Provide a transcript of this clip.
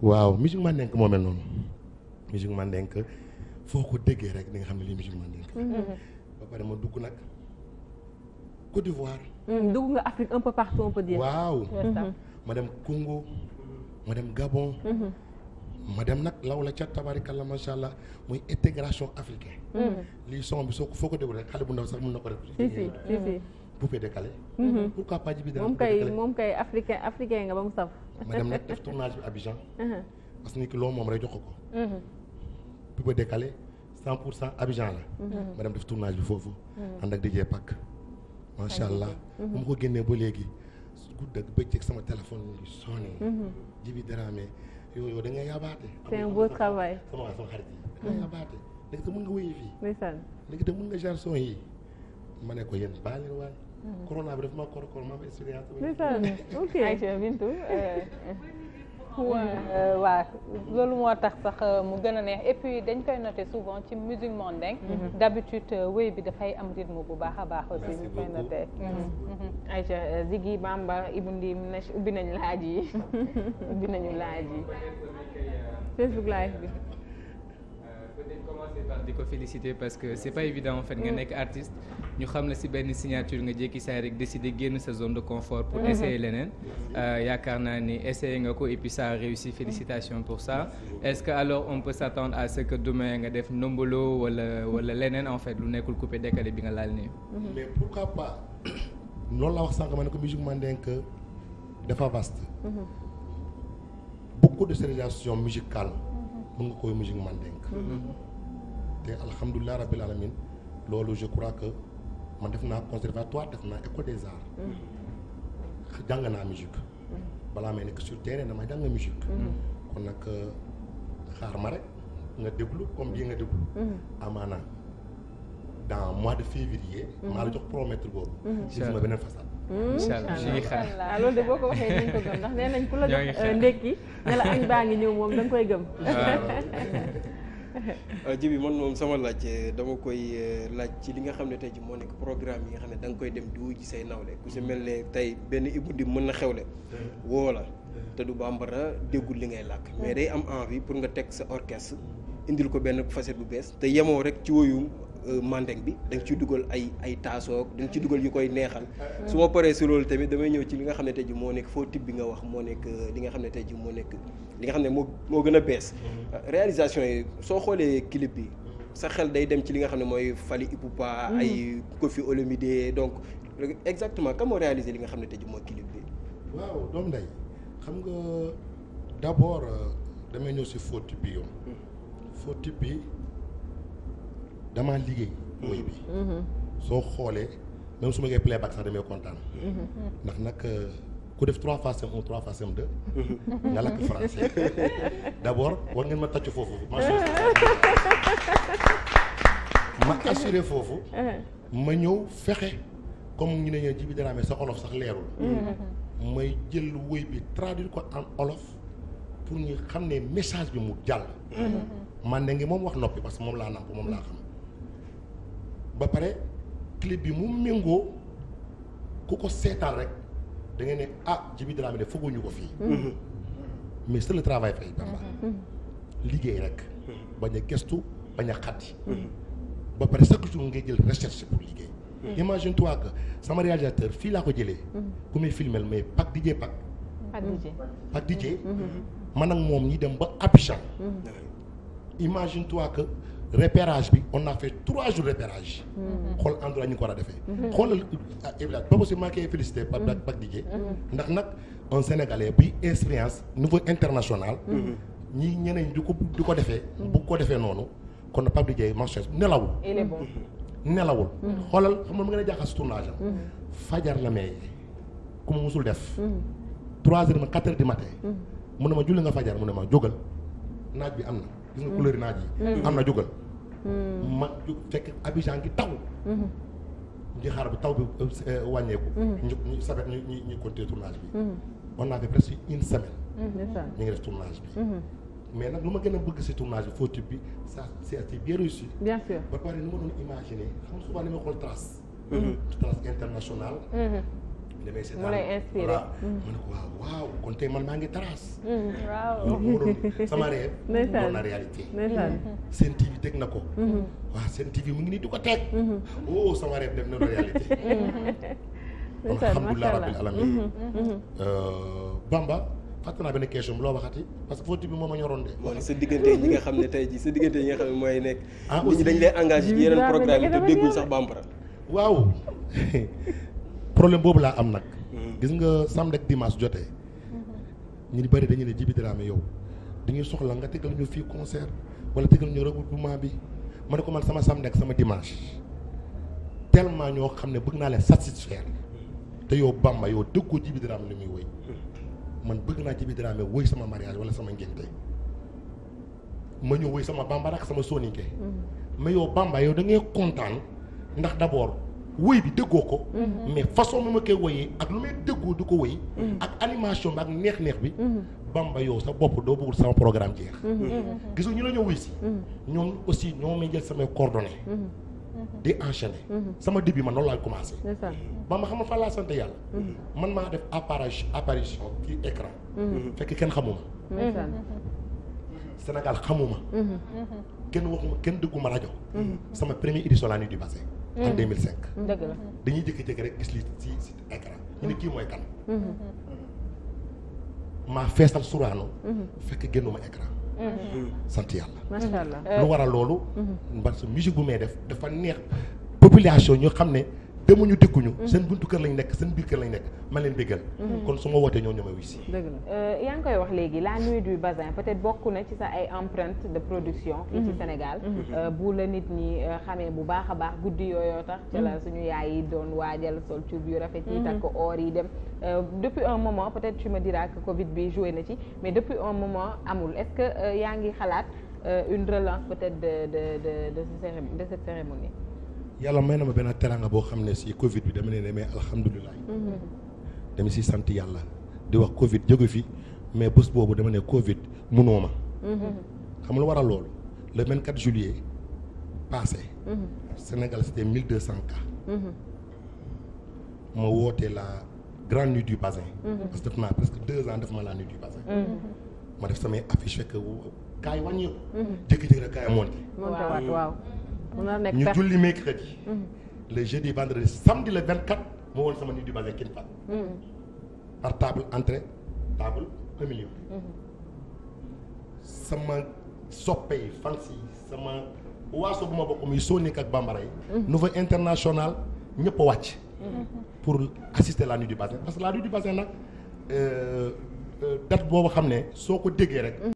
waaw musique Mandenk moo mel noonu musique Mandenk foo ko déggee rek di nga xam ne lii musique Mandenk mhm. ba pare ma dugg nag Côte d'Ivoire mhm, dugg nga Afrique un peu partout on peut dire waaw mhm. ma dem Congo ma dem Gabon ma dem nag law la ca tabarikalla macha allah muy intégration africaine lii son bi soo ko foo ko déglu rek xale bu ndaw sax mën na ko def si si si poupée décalé pourquoi pas ji bi moom kay moom kay africain africain nga ba mu saf ma dem nag def tournage bi Abidjan. Uh-huh. parce que nit ki loo moom rek jox ko. bu ba décalé pour cent Abidjan la. Uh-huh. ma dem def tournage bi foofu. Uh-huh. ànd ak DJ Pak. macha allah bu ma ko génnee ba léegi su gudd ak sama téléphone ngi sonné. jibi daraame yow yow da te mën nga wéy fii. léegi te mën nga jarson yi ma ne ko yéen baal leen Mm. corona bi daf maa kor kor ma loolu moo tax sax eh, mu gën a neex et puis dañ koy noter souvent ci musique mondaine. Mm-hmm. d'habitude euh, wéy bi dafay am rythme bu baax a baax. aussi ñu koy noter. Mm-hmm. Mm-hmm. Aïcha euh, Ziggy Bamba Ibou Ndim ubbi nañu laaj yi ubbi nañu laaj yi. Facebook live bi. di ko féliciter parce que c'est pas évident nga mm. nekk artiste ñu xam na si benn signature nga jékki saay rek décider génn sa zone de confort pour mm-hmm. essayer leneen euh, yaakaar naa ni essayer nga ko et puis ça a réussi félicitations pour ça est-ce que alors on peut s'attendre à ce que demain nga def ndombolo wala wala leneen en fait lu nekkul coupé décalé bi nga laal nii mm-hmm. mais pourquoi pas loolu la wax sànq ma ne ko musique mandingue dafa vaste mm-hmm. beaucoup de réalisations musicales mën nga koy musique man dénk te alhamdulilah rabbil alamin loolu je crois que ma def naa conservatoire def naa école des arts jàng naa musique balaa may nekk sur terrain damay jàng musique kon nag xaar ma rek nga déglu comme bii nga déglu amaana dans mois de février maa la jox promettre boobu gis ma beneen façade Mm, incha ah, de boo ko waxee nañ ko gëm ndax nee ku la jox euh, ndékki ne la añ baa ngi ñëw moom da nga koy gëm. Euh, jibi man moom sama laaj euh, dama koy laaj ci li nga xam ne tey ji moo nekk programme yi nga xam ne da nga koy dem di wuji say nawle ku si mel ne tey benn Ibou Dim mën na xewle woo la te du bambara déggul li ngay làkk mais day am envie pour nga teg sa orchestre indil ko benn facette bu bees te yemoo rek ci woyu Euh, mandeng bi da nga ciy dugal ay ay taasoog da nga dugal yu koy neexal su ma paree si loolu tamit damay ñëw ci li nga xam ne tey ji moo nekk foo type bi nga wax moo nekk euh, li nga xam ne tey ji moo nekk li nga xam ne moo moo gën a bees mm-hmm. réalisation yi soo xoolee clip bi sa xel day dem ci li nga xam ne mooy Fally Ipupa mm-hmm. ay Koffi Olomide donc exactement kan li nga xam ne tey ji mooy clip bi waaw doom nday xam nga d'abord euh, damay ñëw si faux type yoon faux type damaa liggéey woy bi soo xoolee même su ma koy playback sax damay kontaan ndax nag euh, ku def trois fois sem un trois fois sem deux nga lakk français d'abord war ngeen ma tàcc foofu ma assuré foofu ma ñëw fexe comme ñu ne ñoo Djiby Dramé sa olof sax leerul may jël woy bi traduire ko en olof pour ñu xam ne message bi mu jàll mm-hmm. man na ngi moom wax noppi parce que moom laa nàmp moom laa xam ba pare clip bi mu méngoo ku ko seetaan rek da ngeen ne ah Djiby Dramé de fooguñu ko fii. Mhm. mais c'est le travail fay Bamba. Mhm. liggéey rek. Mhm. bañ a gestu bañ a xaddi. ba pare chaque jour ngay jël recherche pour liggéey. imagine toi que sama réalisateur fii laa ko jëlee. ku may filmel mais Pape Didier Pape. Pape Didier man ak moom ñi dem ba Abidjan. imagine toi que. repérage bi on a fait trois jours repérage. xool endroit ñu ko war a defee. xoolal ah euh, Ibrahima boobu aussi maa koy félicité Pape Pape ndax nag un sénégalais bi expérience niveau international. ñi ñeneen di ko di ko defee. bu ko defee noonu kon Pape Didier mention nelawul. nelawul. xoolal xam nga mu ngi a jaaxal si tournage am. fajar na may ku mu musul def. trois heures ma quatre heures du matin. mu ne ma julli nga fajar mu ne ma jógal naaj bi am na. gis nga couleur naaj yi. Mm. am na jugal. Mm. ma ju fekk Abidjan ngi taw. ñu mm-hmm. xaar taw bi euh, wàññeeku. Mm-hmm. ñu ñu tournage bi. Mm-hmm. on a fait presque une bi. mais nag lu ma gën a bëgg si tournage bi bi ça c'est bien ba pare ni ma doon imaginer xam nga souvent ni ma xool trace. trace internationale. li may seetaan mu ne ko waaw waaw kon tey man maa ngi taraas. sama rêve. doon na seen TV teg na ko. waaw seen TV mu ngi nii di ko teg. oh sama rêve def na doon réalité. macha mm-hmm. allah alhamdulilah rabbil alamin. Mm-hmm. Mm-hmm. Uh, Bamba. fàtte naa benn question bu loo waxati parce que faute bi moom a ñoroon de. mooy sa diggante yi nga xam ne tey jii sa diggante yi nga xam ne mooy nekk. ah aussi ñi dañ lay engagé ci yeneen programme yi te dégguñ sax bambara. waaw problème boobu laa am nag. Hmm. gis nga samedi ak dimanche jotee. Hmm. ñu bëri dañu ne Djiby Dramé yow dañuy soxla nga tegal ñu fi concert wala tegal ñu regroupement bi ma ne ko man sama samedi ak sama dimanche tellement ñoo xam ne bëgg naa leen satisfaire hmm. te yow Bamba yow dëggoo Djiby Dramé ni muy woy man bëgg naa Djiby Dramé woy sama mariage wala sama ngénte ma ñëw woy sama bambara sama soninke mais yow Bamba yow da kontaan ndax d'abord. woy bi dëggoo ko. Mhm. mais façon bi ma koy woyee ak lu may déggoo du ko woy. Mhm. ak animation bi ak neex-neex bi. Mhm. bamba yow sa bopp doo bëggul sama programme jeex. gis ñu la ñu ñoom aussi ñoo may jël samay coordonnées. di enchaîner. sama début man noonu laay commencé. bamba xam nga fan laa sant yàlla. man maa def apparition apparition ci écran. fekk kenn xamuma. Sénégal xamuma. kenn waxuma kenn dégguma rajo. sama premier édition laa nii di passé. en 2005. Mm. dañuy jékki-jékki rek gis lii si si écran ñu ne mm. kii mooy kan. Mm-hmm. Mm-hmm. maa feesal suraano mm-hmm. fekk génnuma écran sant yàlla. macha allah euh, lu loolu. mbar su musique bu may def dafa neex population ñu xam ne. demuñu dikkuñu mm-hmm. seen buntu kër lañ nekk seen biir kër lañ nekk ma leen béggal mm-hmm. kon su ma wootee ñoo ñooma wisi dëgg la euh, yaa ngi koy wax léegi la nuit du bazin peut-être bokk na ci sa ay emprent de production fii ci mm-hmm. Sénégal euh, bu la nit ñi euh, xamee bu baax a baax guddi yooyu tax ca la suñu yaay yi doon waajal sol cuub yu rafet yi takk or yi dem depuis un moment peut-être tu me diras que Covid bi joué na ci mais depuis un moment amul est-ce que yaa ngi xalaat une relance peut-être de de de de cette cérémonie yàlla may na ma benn teranga boo xam ne si Covid bi dama ne demee alhamdulilah. Mm-hmm. si sant yàlla di wax Covid jóge fi mais bés boobu dama ne Covid munoo ma. Mm-hmm. xam lu waral loolu le 24 juillet passé. Mm-hmm. Sénégal c'était 1200 cas. ma wootee la grande nuit du Bazin. parce que def naa presque deux ans def ma la nuit du Bazin. ma def samay affiche fekk kaay wàññeeku. jékki-jékki rek kaay monté. waaw. ñu julli mercredi. le jeudi vendredi samedi le 24 moo woon sama nit di basé King Fahd. par table entrée table un million. sama soppe yi sama waaso bu ma bokk muy Sonic ak Bambara yi. niveau international ñëpp a wàcc. pour assister la nuit du bassin parce que la nuit du bassin nag euh, euh, date boobu xam ne soo ko déggee rek.